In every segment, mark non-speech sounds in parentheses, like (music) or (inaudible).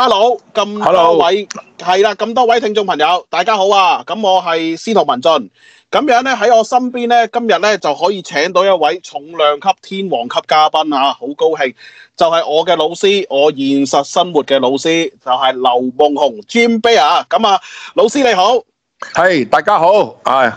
hello，咁多位係啦，咁多位聽眾朋友，大家好啊！咁我係司徒文進，咁樣呢，喺我身邊呢，今日呢就可以請到一位重量級天王級嘉賓啊，好高興！就係、是、我嘅老師，我現實生活嘅老師，就係、是、劉夢熊 Jim Bear 啊！咁啊，老師你好，係、hey，大家好，係。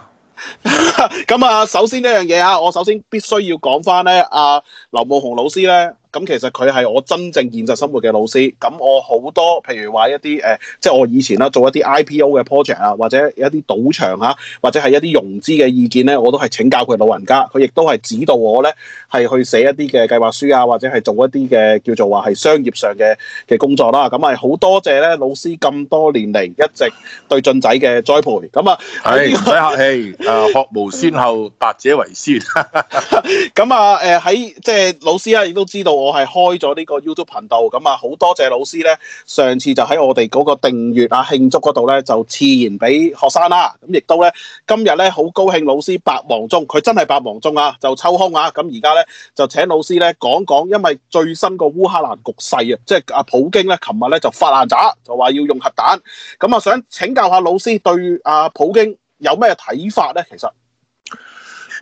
咁啊，首先呢樣嘢啊，我首先必須要講翻呢阿劉夢熊老師呢。咁其實佢係我真正現實生活嘅老師，咁我好多譬如話一啲誒、呃，即係我以前啦做一啲 IPO 嘅 project 啊，或者一啲賭場啊，或者係一啲融資嘅意見咧，我都係請教佢老人家，佢亦都係指導我咧係去寫一啲嘅計劃書啊，或者係做一啲嘅叫做話係商業上嘅嘅工作啦、啊。咁係好多謝咧老師咁多年嚟一直對進仔嘅栽培。咁啊，唔 (laughs) 使、哎、客氣，誒、 (laughs) 啊、學無先後，達者為先。咁 (laughs) (laughs) 啊誒喺、呃、即係老師啊，亦都知道。我係開咗呢個 YouTube 頻道，咁啊，好多謝老師呢。上次就喺我哋嗰個訂閱啊、慶祝嗰度呢，就賜言俾學生啦、啊。咁亦都呢，今日呢，好高興老師百忙中，佢真係百忙中啊，就抽空啊。咁而家呢，就請老師呢講講，因為最新個烏克蘭局勢、就是、啊，即係阿普京呢，琴日呢就發爛渣，就話要用核彈。咁啊，想請教下老師對阿、啊、普京有咩睇法呢？其實。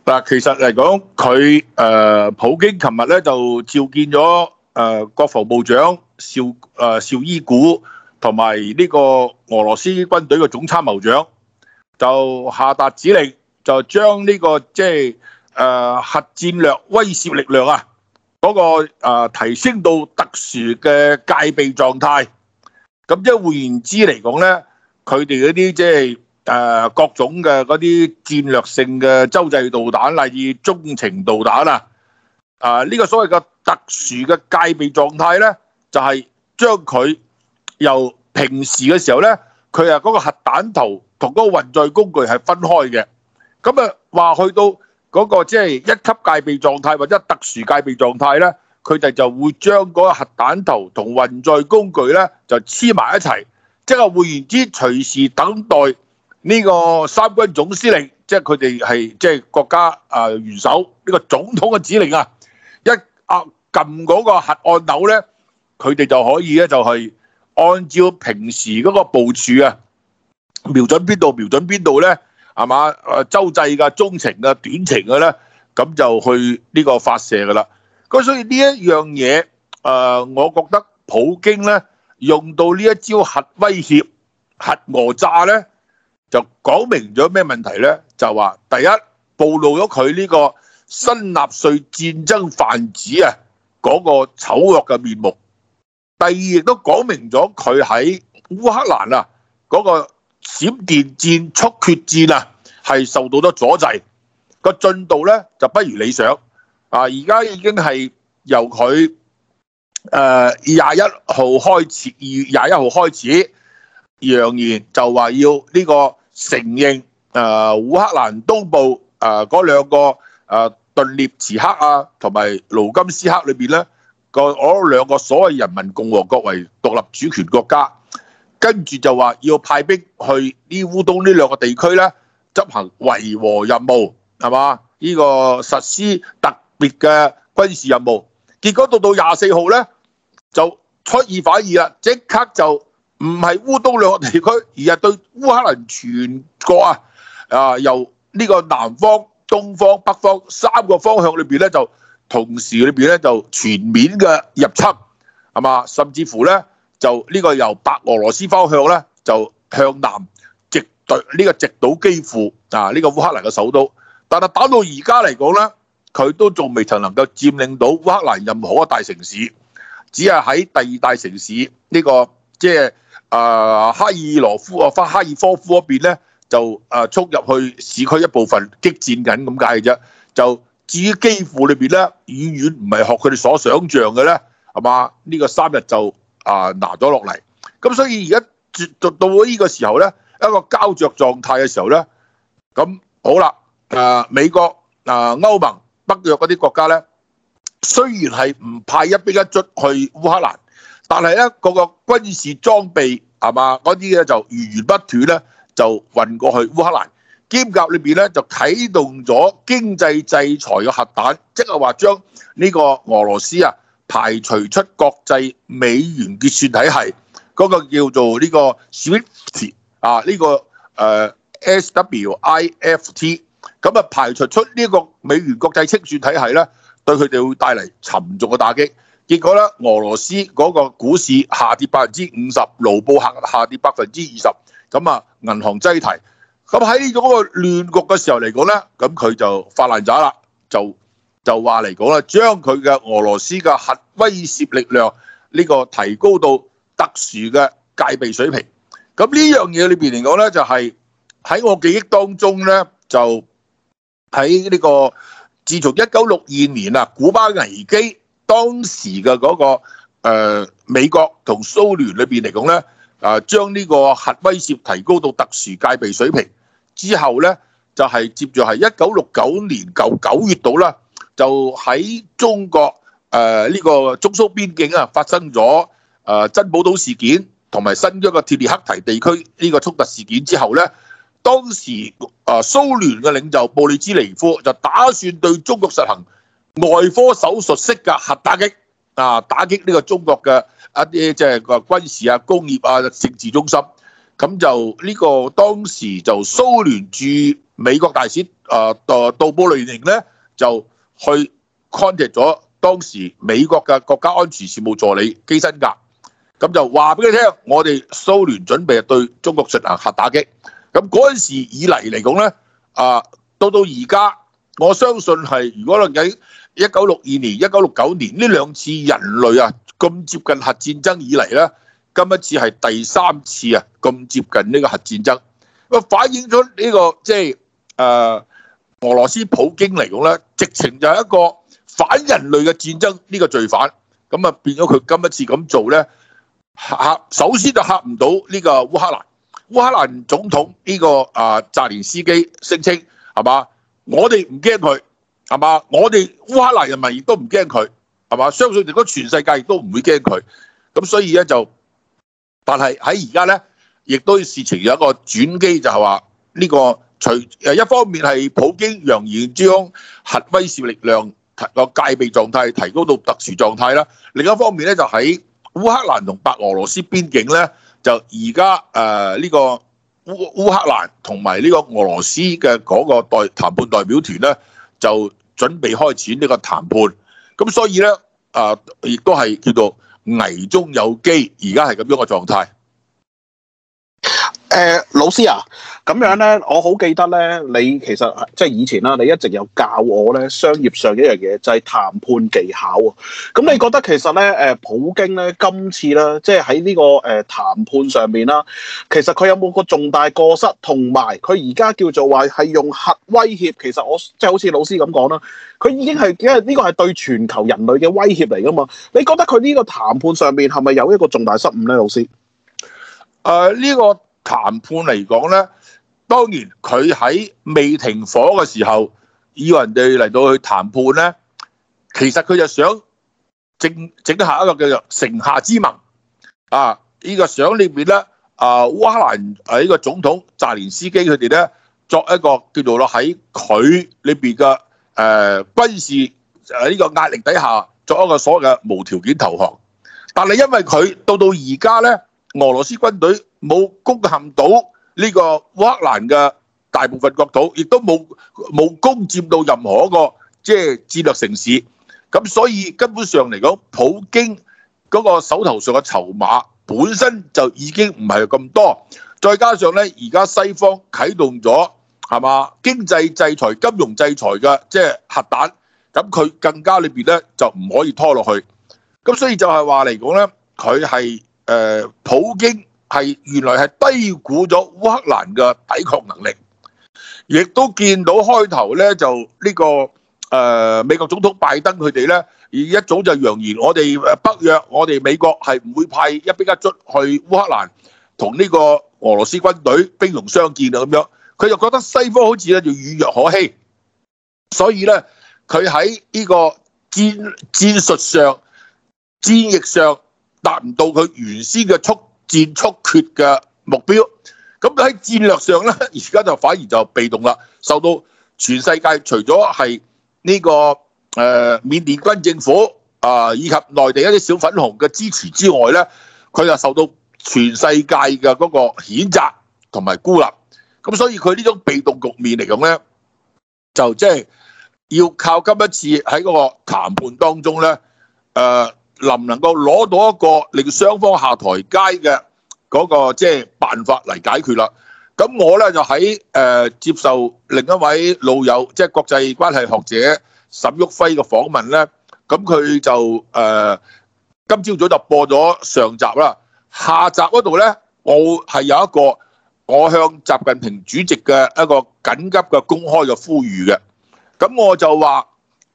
嗱，其實嚟講，佢誒普京琴日咧就召見咗誒國防部長紹誒紹伊古同埋呢個俄羅斯軍隊嘅總參謀長，就下達指令，就將呢個即係誒核戰略威脅力量啊嗰個誒提升到特殊嘅戒備狀態。咁即係換言之嚟講咧，佢哋嗰啲即係。誒各種嘅嗰啲戰略性嘅洲際導彈，例如中程導彈啦，啊呢個所謂嘅特殊嘅戒備狀態咧，就係將佢由平時嘅時候咧，佢啊嗰個核彈頭同嗰個運載工具係分開嘅。咁啊話去到嗰個即係一級戒備狀態或者特殊戒備狀態咧，佢哋就會將嗰個核彈頭同運載工具咧就黐埋一齊，即係換言之，隨時等待。呢個三軍總司令，即係佢哋係即係國家啊元首呢個總統嘅指令啊，一壓撳嗰個核按鈕咧，佢哋就可以咧就係按照平時嗰個部署啊，瞄準邊度瞄準邊度咧，係嘛？誒洲際嘅中程嘅短程嘅咧，咁就去呢個發射嘅啦。咁所以呢一樣嘢，誒，我覺得普京咧用到呢一招核威脅、核訛詐咧。就講明咗咩問題呢？就話第一暴露咗佢呢個新納粹戰爭販子啊嗰個醜惡嘅面目；第二亦都講明咗佢喺烏克蘭啊嗰個閃電戰速決戰啊，係受到咗阻滯，個進度呢就不如理想。啊，而家已經係由佢誒廿一號開始，二月廿一號開始。揚言就話要呢個承認，誒烏克蘭東部誒嗰兩個誒頓涅茨克啊，同埋盧甘斯克裏邊咧個嗰兩個所謂人民共和國為獨立主權國家，跟住就話要派兵去呢烏東呢兩個地區咧執行維和任務，係嘛？呢個實施特別嘅軍事任務，結果到到廿四號咧就出爾反爾啦，即刻就，唔係烏東兩個地區，而係對烏克蘭全國啊，啊、呃、由呢個南方、東方、北方三個方向裏邊咧，就同時裏邊咧就全面嘅入侵，係嘛？甚至乎咧就呢個由白俄羅斯方向咧就向南直對呢、這個直搗基輔啊呢、這個烏克蘭嘅首都。但係打到而家嚟講咧，佢都仲未曾能夠佔領到烏克蘭任何一大城市，只係喺第二大城市呢、這個即係。啊，哈爾羅夫啊，翻哈爾科夫嗰邊咧，就啊，衝入去市區一部分激戰緊咁解嘅啫。就至於基輔裏邊咧，遠遠唔係學佢哋所想像嘅咧，係嘛？呢個三日就啊拿咗落嚟。咁所以而家到到呢個時候咧，一個膠着狀態嘅時候咧，咁好啦。啊，美國啊，歐盟、北約嗰啲國家咧，雖然係唔派一兵一卒去烏克蘭。但係咧，個個軍事裝備係嘛，嗰啲嘢就源源不斷咧就運過去烏克蘭，兼夾裏邊咧就啟動咗經濟制裁嘅核彈，即係話將呢個俄羅斯啊排除出國際美元結算體系，嗰個叫做呢個 SWIFT 啊呢個誒 SWIFT，咁啊排除出呢個美元國際清算體系咧，對佢哋會帶嚟沉重嘅打擊。結果咧，俄羅斯嗰個股市下跌百分之五十，盧布下下跌百分之二十，咁啊，銀行擠提。咁喺呢種個亂局嘅時候嚟講咧，咁佢就發爛渣啦，就就話嚟講啦，將佢嘅俄羅斯嘅核威脅力量呢個提高到特殊嘅戒備水平。咁呢樣嘢裏邊嚟講咧，就係喺我記憶當中咧，就喺呢個自從一九六二年啊古巴危機。當時嘅嗰個誒美國同蘇聯裏邊嚟講咧，誒將呢個核威脅提高到特殊戒備水平之後咧，就係接住係一九六九年九九月度啦，就喺中國誒呢個中蘇邊境啊發生咗誒珍寶島事件同埋新疆嘅鐵列克提地區呢個衝突事件之後咧，當時誒蘇聯嘅領袖布列茲尼夫就打算對中國實行。外科手術式嘅核打擊啊，打擊呢個中國嘅一啲即係軍事啊、工業啊、政治中心，咁就呢個當時就蘇聯駐美國大使啊杜杜布雷寧咧，就去 contact 咗當時美國嘅國家安全事務助理基辛格，咁就話俾佢聽，我哋蘇聯準備對中國進行核打擊。咁嗰陣時以嚟嚟講咧，啊到到而家，我相信係如果論緊。一九六二年、一九六九年呢兩次人類啊咁接近核戰爭以嚟呢，今一次係第三次啊咁接近呢個核戰爭，咁反映咗呢個即係、呃、俄羅斯普京嚟講呢，直情就係一個反人類嘅戰爭呢個罪犯，咁啊變咗佢今一次咁做呢，嚇，首先就嚇唔到呢個烏克蘭，烏克蘭總統呢個啊澤連斯基聲稱係嘛，我哋唔驚佢。係嘛？我哋烏克蘭人民亦都唔驚佢，係嘛？相信如果全世界亦都唔會驚佢，咁所以咧就，但係喺而家咧，亦都事情有一個轉機就，就係話呢個除誒一方面係普京揚言將核威懾力量個戒備狀態提高到特殊狀態啦，另一方面咧就喺烏克蘭同白俄羅斯邊境咧，就而家誒呢個烏烏克蘭同埋呢個俄羅斯嘅嗰個代談判代表團咧就。準備開始呢個談判，咁所以呢，啊，亦都係叫做危中有機，而家係咁樣嘅狀態。誒、呃，老師啊，咁樣咧，我好記得咧，你其實即係以前啦、啊，你一直有教我咧，商業上一樣嘢就係、是、談判技巧啊。咁你覺得其實咧，誒，普京咧今次咧，即係喺呢個誒談、呃、判上面啦，其實佢有冇個重大過失？同埋佢而家叫做話係用核威脅，其實我即係好似老師咁講啦，佢已經係因為呢個係對全球人類嘅威脅嚟噶嘛？你覺得佢呢個談判上面係咪有一個重大失誤咧，老師？誒、呃，呢、這個。談判嚟講咧，當然佢喺未停火嘅時候，以為人哋嚟到去談判咧，其實佢就想整整下一個叫做城下之盟啊！依個相裏邊咧，啊烏克蘭啊依個總統澤連斯基佢哋咧，作一個叫做咯喺佢裏邊嘅誒軍事誒呢個壓力底下作一個所謂嘅無條件投降，但係因為佢到到而家咧。俄羅斯軍隊冇攻陷到呢個烏克蘭嘅大部分國土，亦都冇冇攻佔到任何一個即係戰略城市。咁所以根本上嚟講，普京嗰個手頭上嘅籌碼本身就已經唔係咁多，再加上咧而家西方啟動咗係嘛經濟制裁、金融制裁嘅即係核彈，咁佢更加裏邊咧就唔可以拖落去。咁所以就係話嚟講咧，佢係。誒、呃，普京係原來係低估咗烏克蘭嘅抵抗能力，亦都見到開頭呢就呢、這個誒、呃、美國總統拜登佢哋呢一早就揚言，我哋北約，我哋美國係唔會派一兵一卒去烏克蘭同呢個俄羅斯軍隊兵戎相見啊咁樣，佢就覺得西方好似咧就軟弱可欺，所以呢，佢喺呢個戰戰術上、戰役上。達唔到佢原先嘅速戰速決嘅目標，咁喺戰略上咧，而家就反而就被動啦，受到全世界除咗係呢個誒緬甸軍政府啊、呃、以及內地一啲小粉紅嘅支持之外咧，佢就受到全世界嘅嗰個譴責同埋孤立，咁所以佢呢種被動局面嚟講咧，就即係要靠今一次喺嗰個談判當中咧，誒、呃。能唔能夠攞到一個令雙方下台階嘅嗰個即係辦法嚟解決啦？咁我呢就喺誒接受另一位老友，即係國際關係學者沈旭輝嘅訪問呢。咁佢就誒今朝早就播咗上集啦，下集嗰度呢，我係有一個我向習近平主席嘅一個緊急嘅公開嘅呼籲嘅。咁我就話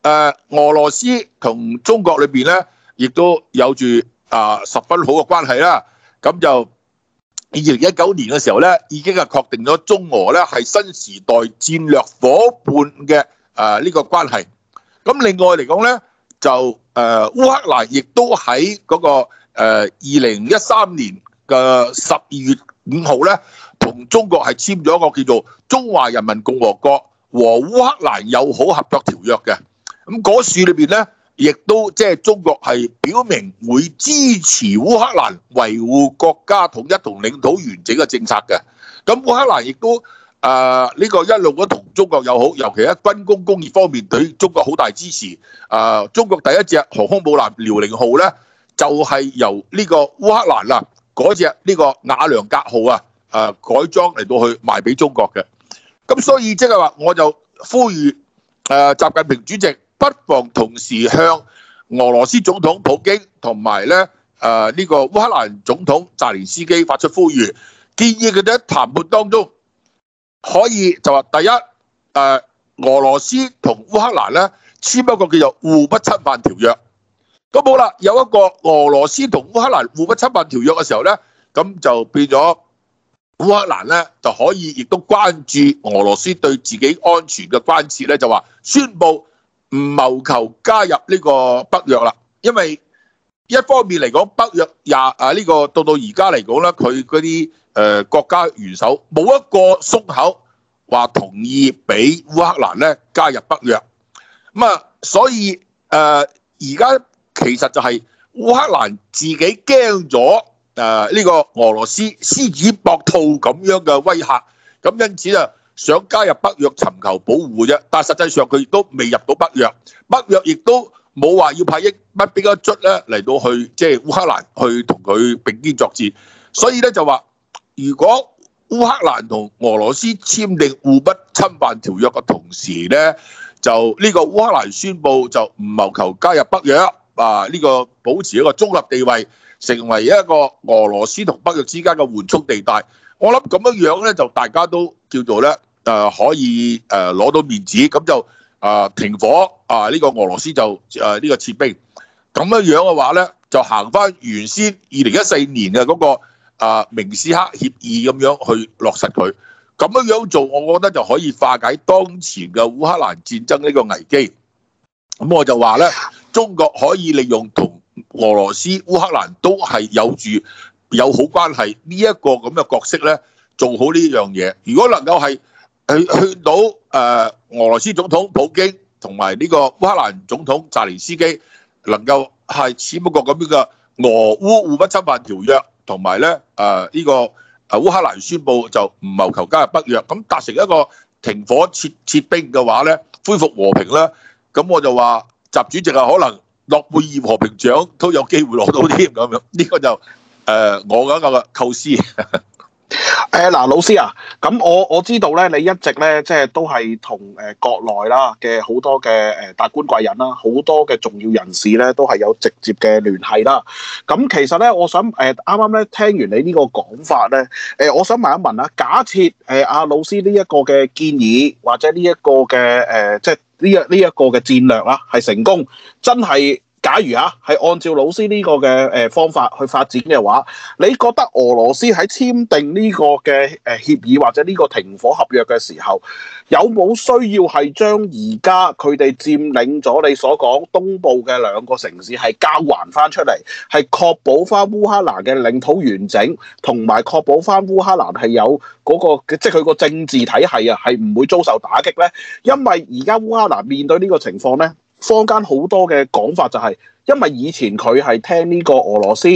誒，俄羅斯同中國裏邊呢。亦都有住啊十分好嘅關係啦，咁就二零一九年嘅時候咧，已經係確定咗中俄咧係新時代戰略夥伴嘅啊呢個關係。咁另外嚟講咧，就誒烏克蘭亦都喺嗰個誒二零一三年嘅十二月五號咧，同中國係簽咗個叫做《中華人民共和國和烏克蘭友好合作條約》嘅。咁嗰時裏邊咧。亦都即係中國係表明會支持烏克蘭維護國家統一同領土完整嘅政策嘅。咁烏克蘭亦都誒呢個一路都同中國友好，尤其喺軍工工業方面對中國好大支持。誒、呃、中國第一隻航空母艦遼寧號咧，就係、是、由呢個烏克蘭啊嗰隻呢個瓦良格號啊誒、啊、改裝嚟到去賣俾中國嘅。咁所以即係話，我就呼籲誒習近平主席。不妨同時向俄羅斯總統普京同埋咧，誒，呢個烏克蘭總統澤連斯基發出呼籲，建議佢哋喺談判當中可以就話第一誒，俄羅斯同烏克蘭咧簽一個叫做互不侵犯條約。咁好啦，有一個俄羅斯同烏克蘭互不侵犯條約嘅時候咧，咁就變咗烏克蘭咧就可以亦都關注俄羅斯對自己安全嘅關切咧，就話宣布。唔謀求加入呢個北約啦，因為一方面嚟講，北約廿啊呢個到到而家嚟講咧，佢嗰啲誒國家元首冇一個鬆口，話同意俾烏克蘭咧加入北約。咁啊，所以誒而家其實就係烏克蘭自己驚咗誒呢個俄羅斯獅子搏兔咁樣嘅威吓，咁因此啊～想加入北約尋求保護啫，但係實際上佢亦都未入到北約，北約亦都冇話要派一兵一卒咧嚟到去即係烏克蘭去同佢並肩作戰，所以咧就話如果烏克蘭同俄羅斯簽訂互不侵犯條約嘅同時咧，就呢個烏克蘭宣佈就唔謀求加入北約啊，呢個保持一個中立地位，成為一個俄羅斯同北約之間嘅緩衝地帶。我諗咁樣樣咧，就大家都叫做咧，誒、呃、可以誒攞、呃、到面子，咁就誒、呃、停火，啊、呃、呢、呢個俄羅斯就誒呢、呃呢個撤兵，咁樣樣嘅話咧，就行翻原先二零一四年嘅嗰、嗰個、呃、明斯克協議咁樣去落實佢，咁樣樣做，我覺得就可以化解當前嘅烏克蘭戰爭呢個危機。咁我就話咧，中國可以利用同俄羅斯、烏克蘭都係有住。有好關係呢一，這個咁嘅角色呢，做好呢樣嘢。如果能夠係去去到誒、呃、俄羅斯總統普京同埋呢個烏克蘭總統澤連斯基能夠係似冇國咁樣嘅俄烏互不侵犯條約，同埋咧誒呢、呃這個誒烏、呃、克蘭宣布就唔謀求加入北約，咁、嗯、達成一個停火撤撤兵嘅話呢，恢復和平啦。咁、嗯、我就話習主席呀可能諾貝爾和平獎都有機會攞到添咁樣，呢、這個就。誒、呃，我嗰個構思誒 (laughs) 嗱、呃，老師啊，咁我我知道咧，你一直咧，即係都係同誒國內啦嘅好多嘅誒達官貴人啦，好多嘅重要人士咧，都係有直接嘅聯繫啦。咁其實咧，我想誒啱啱咧聽完你呢個講法咧，誒、呃，我想問一問啊，假設誒阿、呃、老師呢一個嘅建議或者呢一個嘅誒，即係呢一呢一個嘅、這個、戰略啦，係成功，真係？假如啊，係按照老師呢個嘅誒、呃、方法去發展嘅話，你覺得俄羅斯喺簽訂呢個嘅誒協議或者呢個停火合約嘅時候，有冇需要係將而家佢哋佔領咗你所講東部嘅兩個城市係交還翻出嚟，係確保翻烏克蘭嘅領土完整，同埋確保翻烏克蘭係有嗰、嗰個即係佢個政治體系啊，係唔會遭受打擊咧？因為而家烏克蘭面對呢個情況咧。坊間好多嘅講法就係，因為以前佢係聽呢個俄羅斯、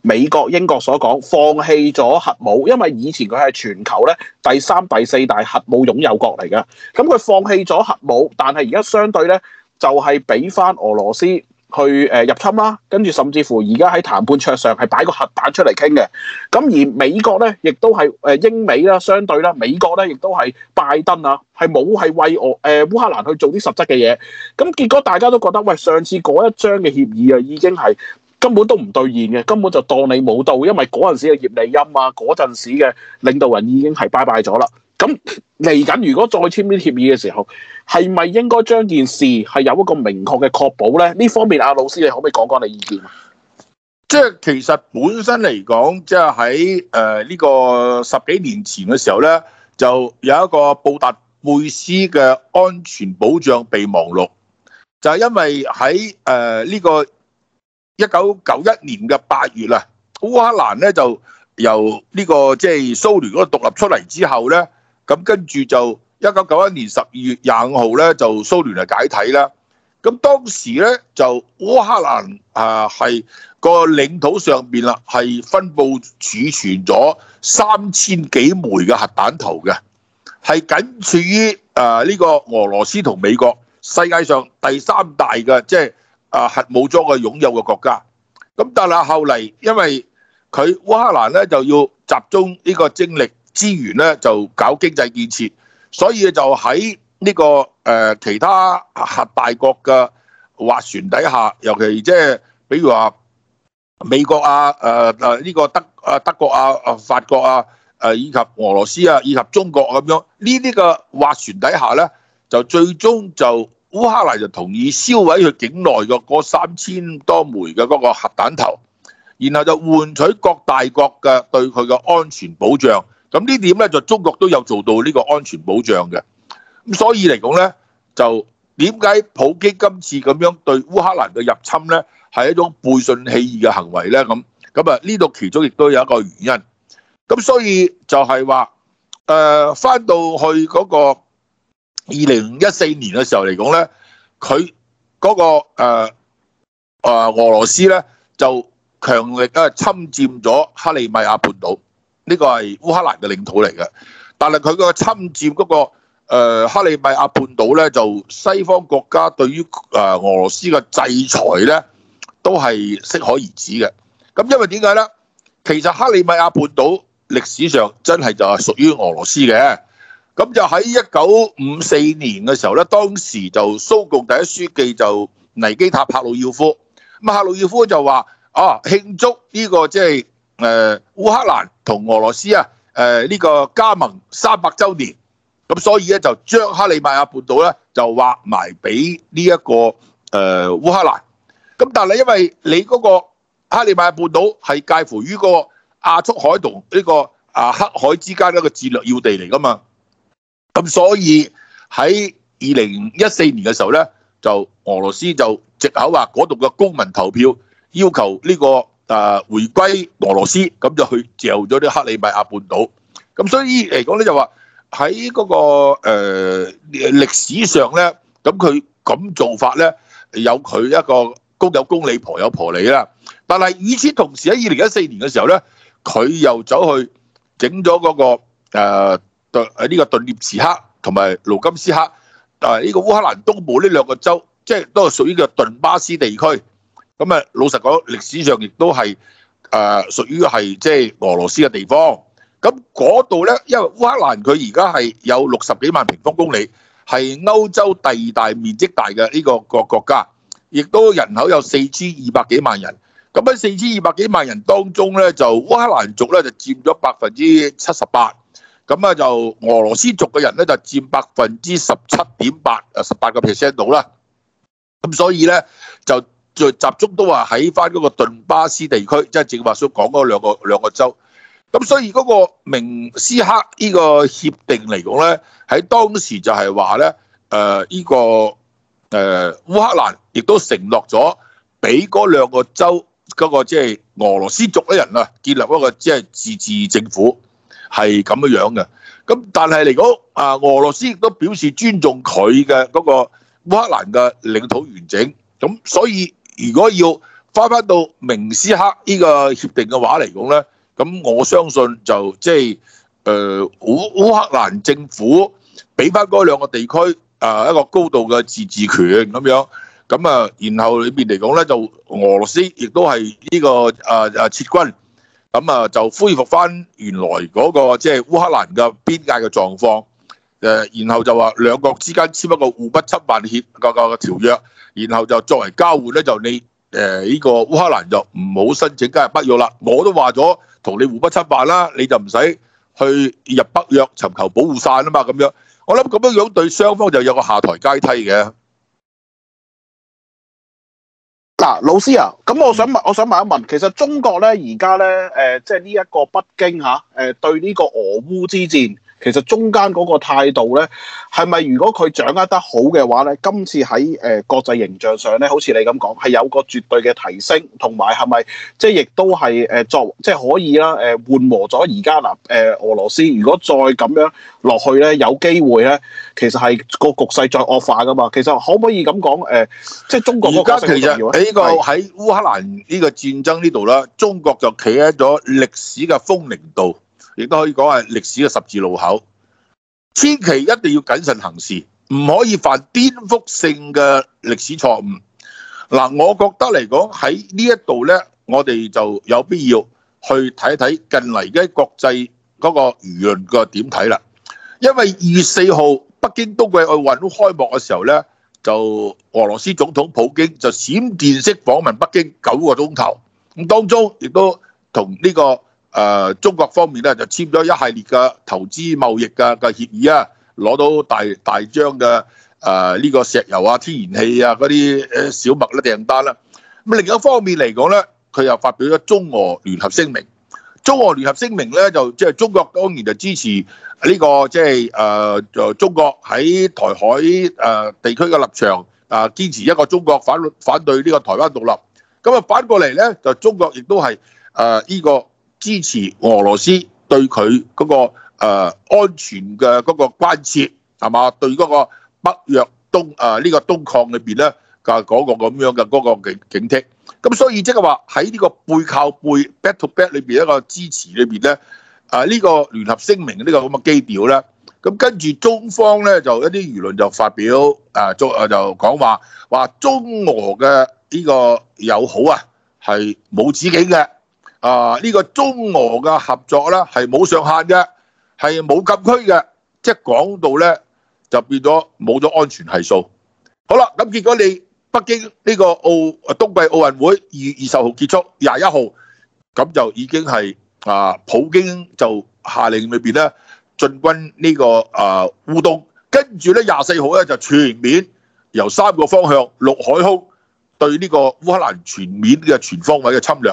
美國、英國所講，放棄咗核武，因為以前佢係全球咧第三、第四大核武擁有國嚟㗎，咁佢放棄咗核武，但係而家相對咧就係俾翻俄羅斯，去入侵啦，跟住甚至乎而家喺談判桌上係擺個核彈出嚟傾嘅。咁而美國咧，亦都係英美啦，相對啦，美國咧亦都係拜登啊，係冇係為我誒、呃、烏克蘭去做啲實質嘅嘢。咁結果大家都覺得，喂，上次嗰一張嘅協議啊，已經係根本都唔兌現嘅，根本就當你冇到，因為嗰陣時嘅葉利欽啊，嗰陣時嘅領導人已經係拜拜咗啦。咁嚟緊，如果再簽呢啲協議嘅時候，係咪應該將件事係有一個明確嘅確保咧？呢方面，阿老師，你可唔可以講講你意見啊？即係其實本身嚟講，即係喺呢個十幾年前嘅時候咧，就有一個布達佩斯嘅安全保障備忘錄，就係、是、因為喺、呃這個、呢個一九九一年嘅八月啦，烏克蘭咧就由呢、這個即係蘇聯嗰度獨立出嚟之後咧。咁跟住就一九九一年十二月廿五號咧，就蘇聯啊解體啦。咁當時咧就烏克蘭啊係個領土上面啦，係分布儲存咗三千幾枚嘅核彈頭嘅，係僅次於誒呢個俄羅斯同美國世界上第三大嘅即係啊核武裝嘅擁有嘅國家。咁但係後嚟因為佢烏克蘭咧就要集中呢個精力。資源咧就搞經濟建設，所以就喺呢、這個誒、呃、其他核大國嘅劃船底下，尤其即係比如話美國啊、誒誒呢個德啊德國啊、法國啊、誒、呃、以及俄羅斯啊、以及中國咁樣呢啲嘅劃船底下咧，就最終就烏克蘭就同意銷毀佢境內嘅嗰三千多枚嘅嗰個核彈頭，然後就換取各大國嘅對佢嘅安全保障。咁呢點咧，就中國都有做到呢個安全保障嘅。咁所以嚟講咧，就點解普京今次咁樣對烏克蘭嘅入侵咧，係一種背信棄義嘅行為咧？咁咁啊，呢度其中亦都有一個原因。咁所以就係話，返、呃、翻到去嗰個二零一四年嘅時候嚟講咧，佢嗰、嗰個誒、呃呃、俄羅斯咧就強力啊侵佔咗克里米亞半島。呢個係烏克蘭嘅領土嚟嘅，但係佢個侵佔嗰個、呃、克里米亞半島呢，就西方國家對於誒俄羅斯嘅制裁呢，都係適可而止嘅。咁因為點解呢？其實克里米亞半島歷史上真係就係屬於俄羅斯嘅。咁就喺一九五四年嘅時候呢，當時就蘇共第一書記就尼基塔·赫魯曉夫咁，赫魯曉夫就話：啊，慶祝呢個即係誒烏克蘭。同俄羅斯啊，誒、呃、呢、這個加盟三百週年，咁所以咧就將克里米亞半島咧就劃埋俾呢一個誒、呃、烏克蘭。咁但係因為你嗰個克里米亞半島係介乎於個亞速海同呢個啊黑海之間的一個戰略要地嚟㗎嘛，咁所以喺二零一四年嘅時候咧，就俄羅斯就藉口話嗰度嘅公民投票要求呢、這個。啊！回歸俄羅斯，咁就去嚼咗啲克里米亞半島，咁所以嚟講咧就話喺嗰個誒、呃、歷史上咧，咁佢咁做法咧有佢一個公有公理婆有婆理啦。但係與此同時喺二零一四年嘅時候咧，佢又走去整咗嗰個誒呢、呃呢個頓涅茨克同埋盧金斯克，啊呢、呢個烏克蘭東部呢兩個州，即係都係屬於叫頓巴斯地區。咁啊，老實講，歷史上亦都係誒屬於係即係俄羅斯嘅地方。咁嗰度呢，因為烏克蘭佢而家係有六十幾萬平方公里，係歐洲第二大面積大嘅呢個個國家，亦都人口有四千二百幾萬人。咁喺四千二百幾萬人當中呢，就烏克蘭族呢就佔咗百分之七十八，咁啊就俄羅斯族嘅人呢就佔百分之十七點八啊十八個 percent 到啦。咁所以呢就再集中都話喺翻嗰個頓巴斯地區，即係正話所講嗰兩個兩個州。咁所以嗰個明斯克呢個協定嚟講呢，喺當時就係話呢，誒、呃、呢、這個誒、呃、烏克蘭亦都承諾咗俾嗰兩個州嗰、那個即係俄羅斯族嘅人啊，建立一個即係自治政府係咁樣樣嘅。咁但係嚟講啊，俄羅斯亦都表示尊重佢嘅嗰個烏克蘭嘅領土完整。咁所以。如果要翻翻到明斯克呢個協定嘅話嚟講咧，咁我相信就即係誒烏烏克蘭政府俾翻嗰兩個地區誒一個高度嘅自治權咁樣咁啊，然後裏面嚟講咧就俄羅斯亦都係呢個誒誒撤軍咁啊，就恢復翻原來嗰個即係烏克蘭嘅邊界嘅狀況。誒，然後就話兩國之間簽一個互不侵犯協個個條約，然後就作為交換咧，就你誒呢、呃這個烏克蘭就唔好申請加入北約啦。我都話咗同你互不侵犯啦，你就唔使去入北約尋求保護傘啊嘛，咁樣我諗咁樣樣對雙方就有個下台階梯嘅。嗱，老師啊，咁我想問，我想問一問，其實中國咧而家咧誒，即係呢一、呃就是、個北京嚇誒、呃、對呢個俄烏之戰。其實中間嗰個態度咧，係咪如果佢掌握得好嘅話咧，今次喺誒、呃、國際形象上咧，好似你咁講，係有個絕對嘅提升，同埋係咪即係亦都係誒作即係可以啦誒，緩和咗而家嗱誒俄羅斯，如果再咁樣落去咧，有機會咧，其實係個局勢再惡化噶嘛。其實可唔可以咁講誒？即係中國國家其實喺呢、這個喺烏克蘭呢個戰爭呢度啦，中國就企喺咗歷史嘅風陵渡。亦都可以講係歷史嘅十字路口，千祈一定要謹慎行事，唔可以犯顛覆性嘅歷史錯誤。嗱，我覺得嚟講喺呢一度咧，我哋就有必要去睇睇近嚟嘅國際嗰個輿論個點睇啦。因為二月四號北京冬季奧運開幕嘅時候咧，就俄羅斯總統普京就閃電式訪問北京九個鐘頭，咁當中亦都同呢個。誒、呃、中國方面咧就簽咗一系列嘅投資貿易嘅嘅協議啊，攞到大大張嘅誒呢個石油啊、天然氣啊嗰啲誒小麥嘅訂單啦、啊。咁、嗯、另一方面嚟講咧，佢又發表咗中俄聯合聲明。中俄聯合聲明咧就即係、就是、中國當然就支持呢、這個即係誒就是呃、中國喺台海誒、呃、地區嘅立場，啊、呃、堅持一個中國反反對呢個台灣獨立。咁啊反過嚟咧就中國亦都係誒呢個。支持俄羅斯對佢嗰、那個、呃、安全嘅嗰個關切係嘛？對嗰個北約東誒呢、呃這個東擴裏邊咧，噶、那、嗰個咁樣嘅嗰、那個警警惕。咁所以即係話喺呢個背靠背 back to back 裏邊一個支持裏邊咧，誒、呃、呢、這個聯合聲明呢個咁嘅基調咧。咁跟住中方咧就一啲輿論就發表誒作誒就講話話中俄嘅呢個友好啊係冇止境嘅。啊！呢、這個中俄嘅合作咧係冇上限嘅，係冇禁區嘅，即係講到咧就變咗冇咗安全係數好了。好啦，咁結果你北京呢個奧冬季奧運會二月二十號結束廿一號，咁就已經係啊普京就下令裏邊咧進軍、這個啊、互動呢個啊烏東，跟住咧廿四號咧就全面由三個方向陸海空對呢個烏克蘭全面嘅全方位嘅侵略。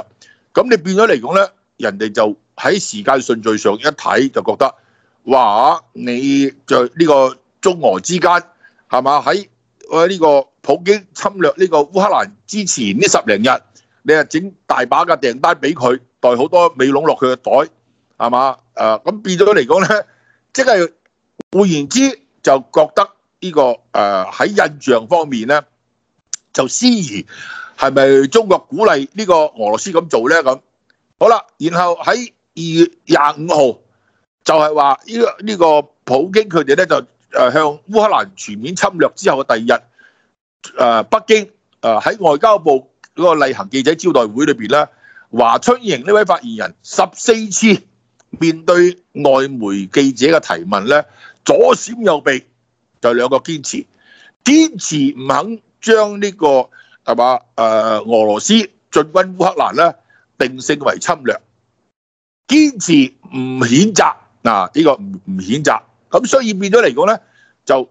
咁你變咗嚟講咧，人哋就喺時間順序上一睇就覺得，話你在呢個中俄之間係嘛？喺呢個普京侵略呢個烏克蘭之前呢十零日，你係整大把嘅訂單俾佢，袋好多美籠落佢嘅袋係嘛？咁、呃、變咗嚟講咧，即係換言之就覺得呢個喺、呃、印象方面咧。就私議係咪中國鼓勵呢個俄羅斯咁做呢？咁好啦，然後喺二月廿五號，就係話呢個呢個普京佢哋咧就誒向烏克蘭全面侵略之後嘅第二日，誒北京誒喺外交部嗰個例行記者招待會裏邊咧，華春瑩呢位發言人十四次面對外媒記者嘅提問咧，左閃右避，就兩個堅持，堅持唔肯。將呢、這個係嘛誒俄羅斯進軍烏克蘭咧定性為侵略，堅持唔譴責。嗱呢個唔唔譴責，咁、啊這個、所以變咗嚟講咧就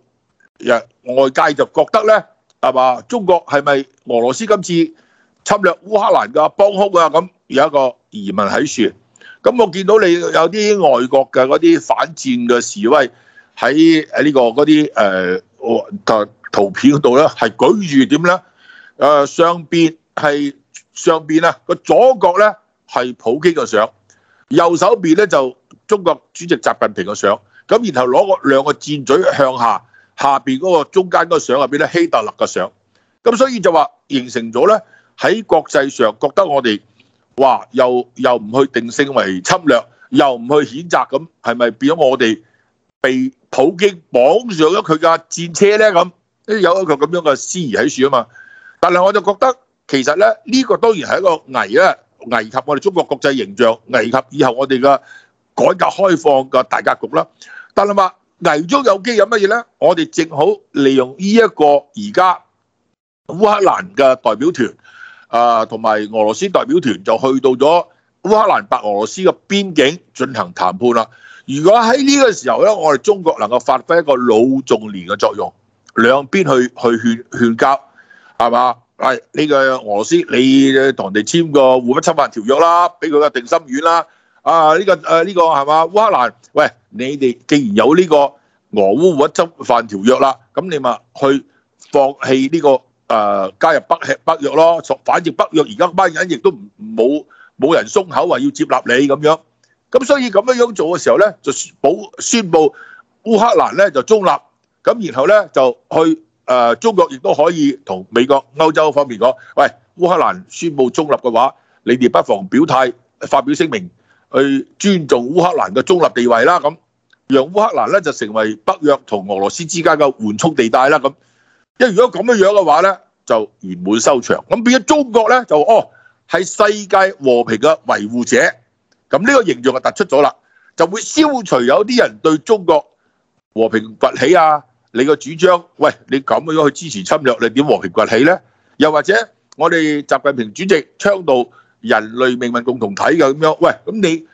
誒外界就覺得咧係嘛中國係咪俄羅斯今次侵略烏克蘭嘅幫兇啊？咁有一個疑問喺度，咁我見到你有啲外國嘅嗰啲反戰嘅示威喺喺呢個嗰啲誒俄特。圖片度咧係舉住點咧？誒、呃、上邊係上邊啊個左角咧係普京嘅相，右手邊咧就中國主席習近平嘅相。咁然後攞個兩個箭嘴向下，下邊嗰個中間嗰個相入邊咧希特勒嘅相。咁所以就話形成咗咧喺國際上覺得我哋話又又唔去定性為侵略，又唔去譴責咁，係咪變咗我哋被普京綁上咗佢嘅戰車咧？咁？都有一個咁樣嘅司儀喺處啊嘛，但係我就覺得其實咧呢、呢個當然係一個危啦，危及我哋中國國際形象，危及以後我哋嘅改革開放嘅大格局啦。但係嘛，危中有機有乜嘢呢？我哋正好利用呢一個而家烏克蘭嘅代表團啊，同、呃、埋俄羅斯代表團就去到咗烏克蘭白俄羅斯嘅邊境進行談判啦。如果喺呢個時候咧，我哋中國能夠發揮一個魯仲連嘅作用。兩邊去去勸勸交係嘛？係呢個俄羅斯，你同人哋簽個互不侵犯條約啦，俾佢個定心丸啦。啊呢、這個誒呢、啊呢個係嘛？烏克蘭，喂你哋既然有呢個俄烏互不侵犯條約啦，咁你咪去放棄呢、呢個誒、呃、加入北北約咯。反正北約而家班人亦都冇冇人鬆口話要接納你咁樣。咁所以咁樣樣做嘅時候咧，就宣保宣佈烏克蘭咧就中立。咁然後咧就去誒中國亦都可以同美國、歐洲嗰方面講，喂，烏克蘭宣布中立嘅話，你哋不妨表態發表聲明，去尊重烏克蘭嘅中立地位啦。咁，讓烏克蘭咧就成為北約同俄羅斯之間嘅緩衝地帶啦。咁，因為如果咁樣樣嘅話咧，就圓滿收場。咁變咗中國咧就哦係世界和平嘅維護者，咁呢個形象就突出咗啦，就會消除有啲人對中國和平崛起啊～你個主張，喂，你咁樣去支持侵略，你點和平崛起咧？又或者我哋習近平主席倡導人類命運共同體嘅咁樣，喂，咁你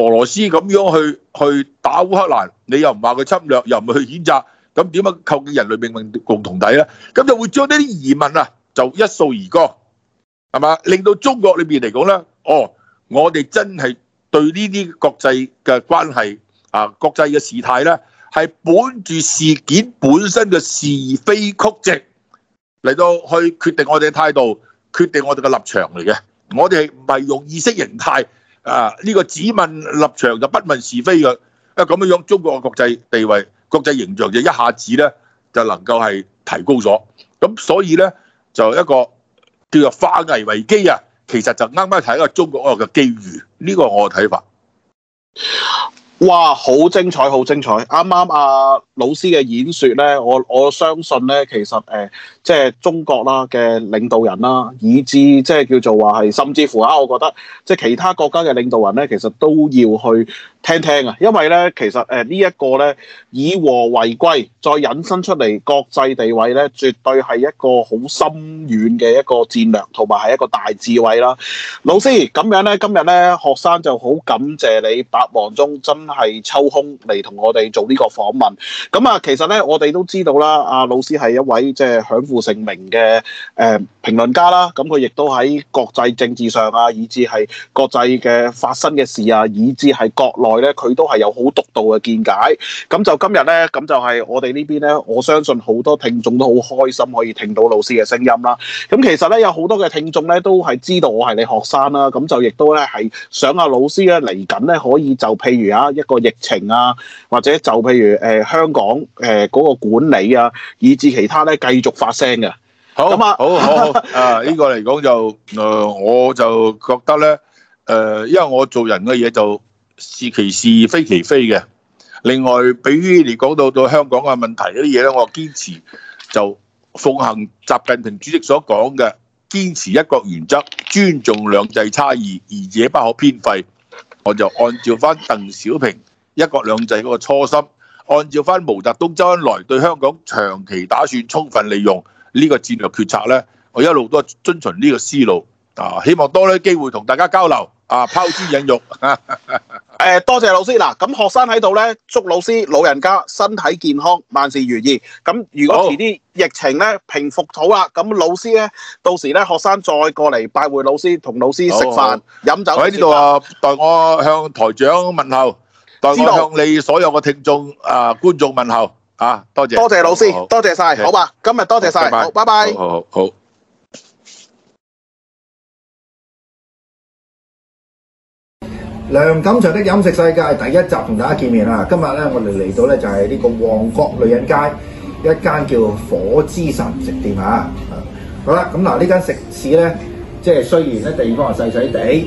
俄羅斯咁樣去去打烏克蘭，你又唔話佢侵略，又唔去譴責，咁點樣構建人類命運共同體咧？咁就會將呢啲疑問啊，就一掃而過，係嘛？令到中國裏面嚟講咧，哦，我哋真係對呢啲國際嘅關係啊，國際嘅事態咧。係本住事件本身嘅是非曲直嚟到去決定我哋嘅態度，決定我哋嘅立場嚟嘅。我哋唔係用意識形態啊，呢個只問立場就不問是非嘅。啊咁嘅樣，中國嘅國際地位、國際形象就一下子咧就能夠係提高咗。咁所以咧就一個叫做化危為機啊，其實就啱啱睇一個中國啊嘅機遇。呢個我嘅睇法。哇！好精彩，好精彩！啱啱啊，老師嘅演說咧，我我相信咧，其實誒。呃即係中國啦嘅領導人啦，以至即係叫做話係甚至乎啊，我覺得即係其他國家嘅領導人咧，其實都要去聽聽啊，因為咧，其實誒、呃這個、呢一個咧以和為貴再引申出嚟國際地位咧，絕對係一個好深遠嘅一個戰略，同埋係一個大智慧啦。老師咁樣咧，今日咧學生就好感謝你百忙中真係抽空嚟同我哋做呢個訪問，咁啊，其實咧我哋都知道啦，啊老師係一位即係。享成名嘅誒評論家啦，咁佢亦都喺國際政治上啊，以至係國際嘅發生嘅事啊，以至係國內咧，佢都係有好獨到嘅見解。咁就今日咧，咁就係我哋呢邊咧，我相信好多聽眾都好開心可以聽到老師嘅聲音啦。咁其實咧，有好多嘅聽眾咧都係知道我係你學生啦，咁就亦都咧係想阿老師咧嚟緊咧可以就譬如啊一個疫情啊，或者就譬如誒香港誒嗰個管理啊，以至其他咧繼續發生。聽好好，好，好，啊，呢、這個嚟講就，誒、呃，我就覺得呢，誒、呃，因為我做人嘅嘢，就是其是，非其非嘅。另外，比於你講到到香港嘅問題嗰啲嘢呢，我堅持就奉行習近平主席所講嘅堅持一國原則，尊重兩制差異，二者不可偏廢。我就按照翻鄧小平一國兩制嗰個初心，按照翻毛澤東、周恩來對香港長期打算，充分利用。呢個戰略決策咧，我一路都遵循呢個思路啊！希望多啲機會同大家交流啊，拋磚引玉。誒，多謝老師嗱，咁學生喺度咧，祝老師老人家身體健康，萬事如意。咁如果遲啲疫情咧平復咗啦，咁老師咧到時咧學生再過嚟拜會老師，同老師食飯飲酒。我喺呢度啊，代我向台長問候，代我向你所有嘅聽眾啊觀眾問候。啊！多謝多謝老師，多謝晒，好吧，今日多謝晒，好，拜拜，好好好。梁錦祥的飲食世界第一集同大家見面啦。今日咧，我哋嚟到咧就係呢個旺角女人街一間叫火之神食店啊。好啦，咁嗱，呢間食肆咧，即係雖然咧地方係細細地。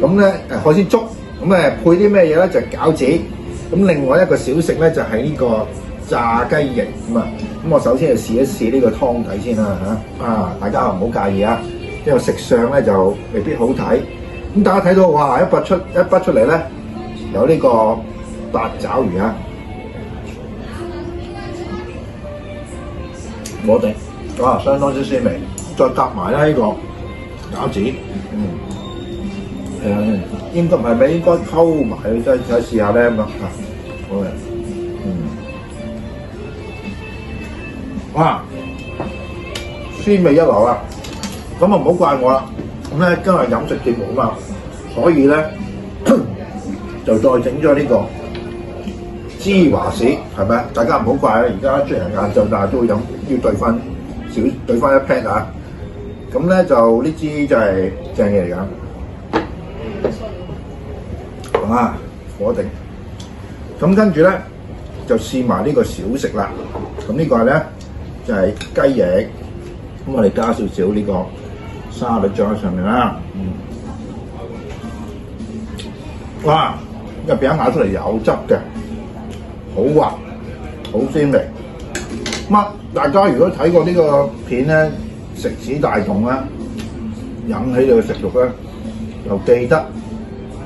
咁咧誒海鮮粥，咁誒配啲咩嘢咧？就係餃子。咁另外一個小食咧就係呢個炸雞翼咁啊。咁我首先就試一試呢個湯底先啦嚇。啊，大家唔好介意啊，因為食相咧就未必好睇。咁大家睇到哇一筆出一筆出嚟咧，有呢個八爪魚啊。我哋哇相當之鮮味，再夾埋咧呢個餃子，嗯。係、嗯、啊，應該唔係咩？應該溝埋即係試下呢。咁好啊，嗯，哇，酸味一流啊！咁就唔好怪我啦。咁咧今日飲食節目嘛，所以呢，就再整咗呢個芝華士係咪？大家唔好怪現在要啊！而家出嚟晏晝，但係都飲要兌翻少兌翻一 pat 啊。咁咧就呢支就係正嘢嚟㗎。啊，火定，咁跟住咧就試埋呢個小食啦。咁、這個、呢個咧就係、是、雞翼，咁我哋加少少呢個沙律醬喺上面啦。嗯，哇，入邊一咬出嚟有汁嘅，好滑，好鮮味。咁、啊、大家如果睇過呢個片咧，食指大動啦，引起你個食慾咧，又記得。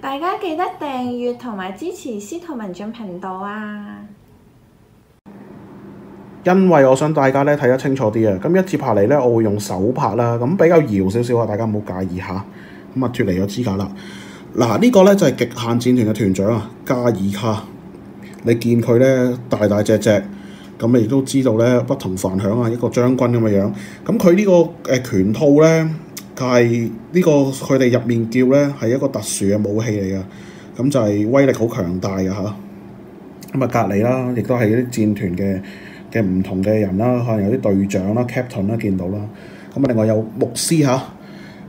大家記得訂閱同埋支持司徒文進頻道啊！因為我想大家咧睇得清楚啲啊，咁一接拍嚟咧我會用手拍啦，咁比較搖少少啊，大家唔好介意吓，咁啊脫離咗支架啦。嗱，呢個咧就係極限戰團嘅團長啊，加爾卡。你見佢咧大大隻隻，咁你都知道咧不同凡響啊，一個將軍咁嘅樣。咁佢呢個誒拳套咧。就係呢個佢哋入面叫咧，係一個特殊嘅武器嚟㗎，咁就係威力好強大嘅嚇。咁啊，隔籬啦，亦都係嗰啲戰團嘅嘅唔同嘅人啦、啊，可、啊、能有啲隊長啦、啊、captain 啦、啊、見到啦、啊。咁啊，另外有牧師嚇、啊。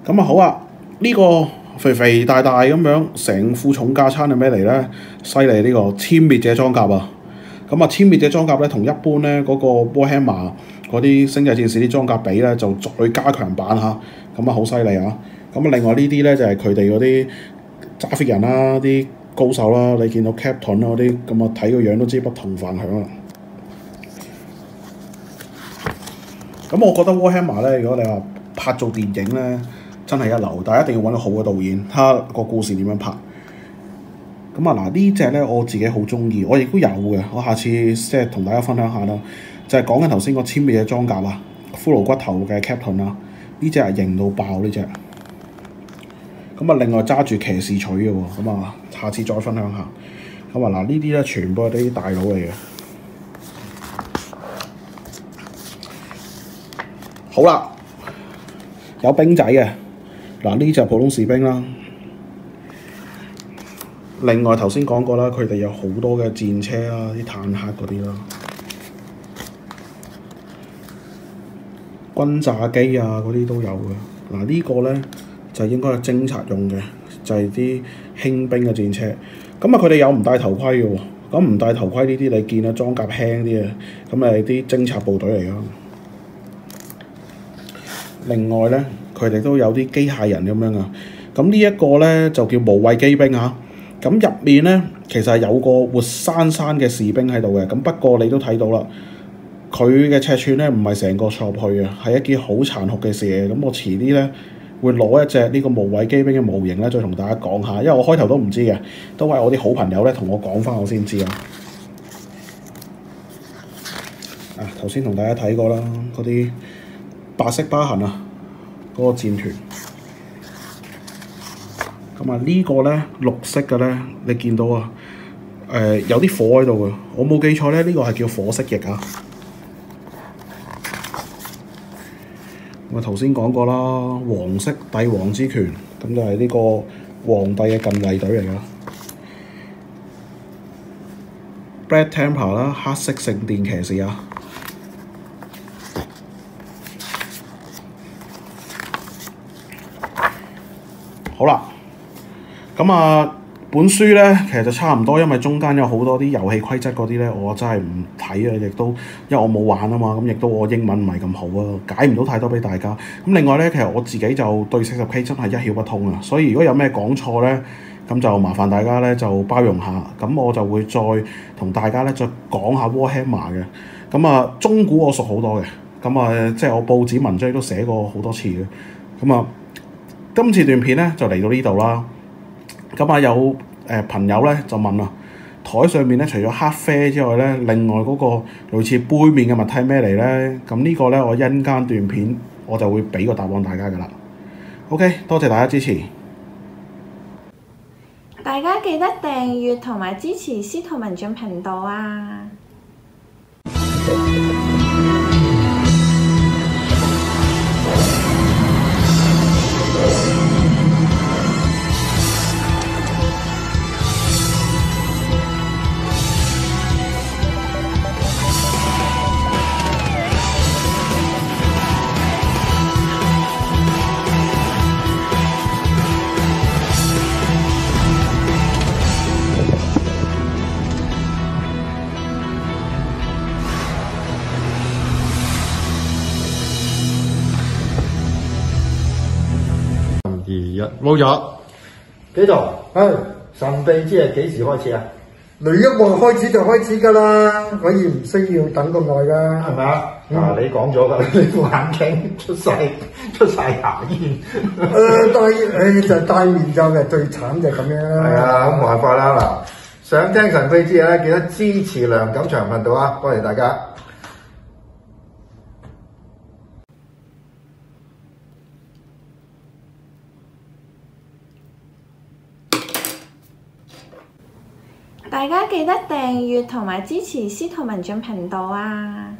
咁啊，好啊，呢、這個肥肥大大咁樣，成副重加餐係咩嚟咧？犀利，呢個殲滅者裝甲啊！咁啊，殲、啊、滅者裝甲咧，同一般咧嗰、那個 Warhammer 嗰啲星際戰士啲裝甲比咧就再加強版嚇，咁啊好犀利啊！咁啊另外呢啲咧就係佢哋嗰啲揸 fit 人啦、啊、啲高手啦、啊，你見到 Captain 嗰啲咁啊，睇個樣都知不同凡響啊！咁我覺得 Warhammer 咧，如果你話拍做電影咧，真係一流，但係一定要揾到好嘅導演，睇下個故事點樣拍。咁啊嗱，這個、呢隻咧我自己好中意，我亦都有嘅，我下次即係同大家分享下啦。就係講緊頭先個簽名嘅裝甲啦，骷髏骨頭嘅 Captain 啦，呢隻係型到爆呢隻。咁啊，另外揸住騎士錘嘅喎，咁啊，下次再分享下。咁啊，嗱呢啲咧全部係啲大佬嚟嘅。好啦，有兵仔嘅，嗱呢隻普通士兵啦。另外頭先講過啦，佢哋有好多嘅戰車啊，啲坦克嗰啲啦。轟炸機啊，嗰啲都有嘅。嗱呢個咧就應該係偵察用嘅，就係啲輕兵嘅戰車。咁啊，佢哋有唔戴頭盔嘅喎。咁唔戴頭盔呢啲，你見啊裝甲輕啲啊。咁啊，係啲偵察部隊嚟嘅。另外咧，佢哋都有啲機械人咁樣啊。咁呢一個咧就叫無畏機兵啊。咁入面咧其實係有個活生生嘅士兵喺度嘅。咁不過你都睇到啦。佢嘅尺寸咧唔係成個塞入去啊，係一件好殘酷嘅事。咁我遲啲咧會攞一隻呢個無畏機兵嘅模型咧，再同大家講下。因為我開頭都唔知嘅，都係我啲好朋友咧同我講翻我先知啊。啊，頭先同大家睇過啦，嗰啲白色疤痕啊，嗰、嗰個戰團。咁啊，呢個咧綠色嘅咧，你見到啊？誒、呃，有啲火喺度嘅。我冇記錯咧，呢、呢個係叫火蜥蜴啊。我頭先講過啦，黃色帝王之權，咁就係呢個皇帝嘅禁衛隊嚟噶啦，Brad Temper 啦，Tampa，黑色聖殿騎士啊，好啦，咁啊。本書呢，其實就差唔多，因為中間有好多啲遊戲規則嗰啲呢，我真係唔睇啊，亦都因為我冇玩啊嘛，咁亦都我英文唔係咁好啊，解唔到太多俾大家。咁另外呢，其實我自己就對四十 K 真係一竅不通啊，所以如果有咩講錯呢，咁就麻煩大家呢就包容下。咁我就會再同大家呢再講下 Warhammer 嘅。咁啊，中古我熟好多嘅，咁啊即係、就是、我報紙文章都寫過好多次嘅。咁啊，今次段片呢就嚟到呢度啦。咁啊有誒、呃、朋友咧就問啦，台上面咧除咗黑啡之外咧，另外嗰個類似杯麵嘅物體咩嚟咧？咁呢個咧我一間段片我就會俾個答案大家噶啦。OK，多謝大家支持，大家記得訂閱同埋支持司徒文進頻道啊！好咗，幾多、哎？神秘之夜幾時開始啊？雷一望開始就開始噶啦，可以唔需要等咁耐噶，係咪、嗯啊、你講咗啦，呢、嗯、副 (laughs) 眼鏡出晒出晒牙煙，誒、呃，戴、 (laughs) 哎、就戴、是、面罩的最慘就咁樣。係啊，冇、嗯、辦法啦嗱，想聽神秘之夜記記得支持梁錦祥頻道啊，多謝、謝大家。大家記得訂閱同埋支持司徒文進頻道啊！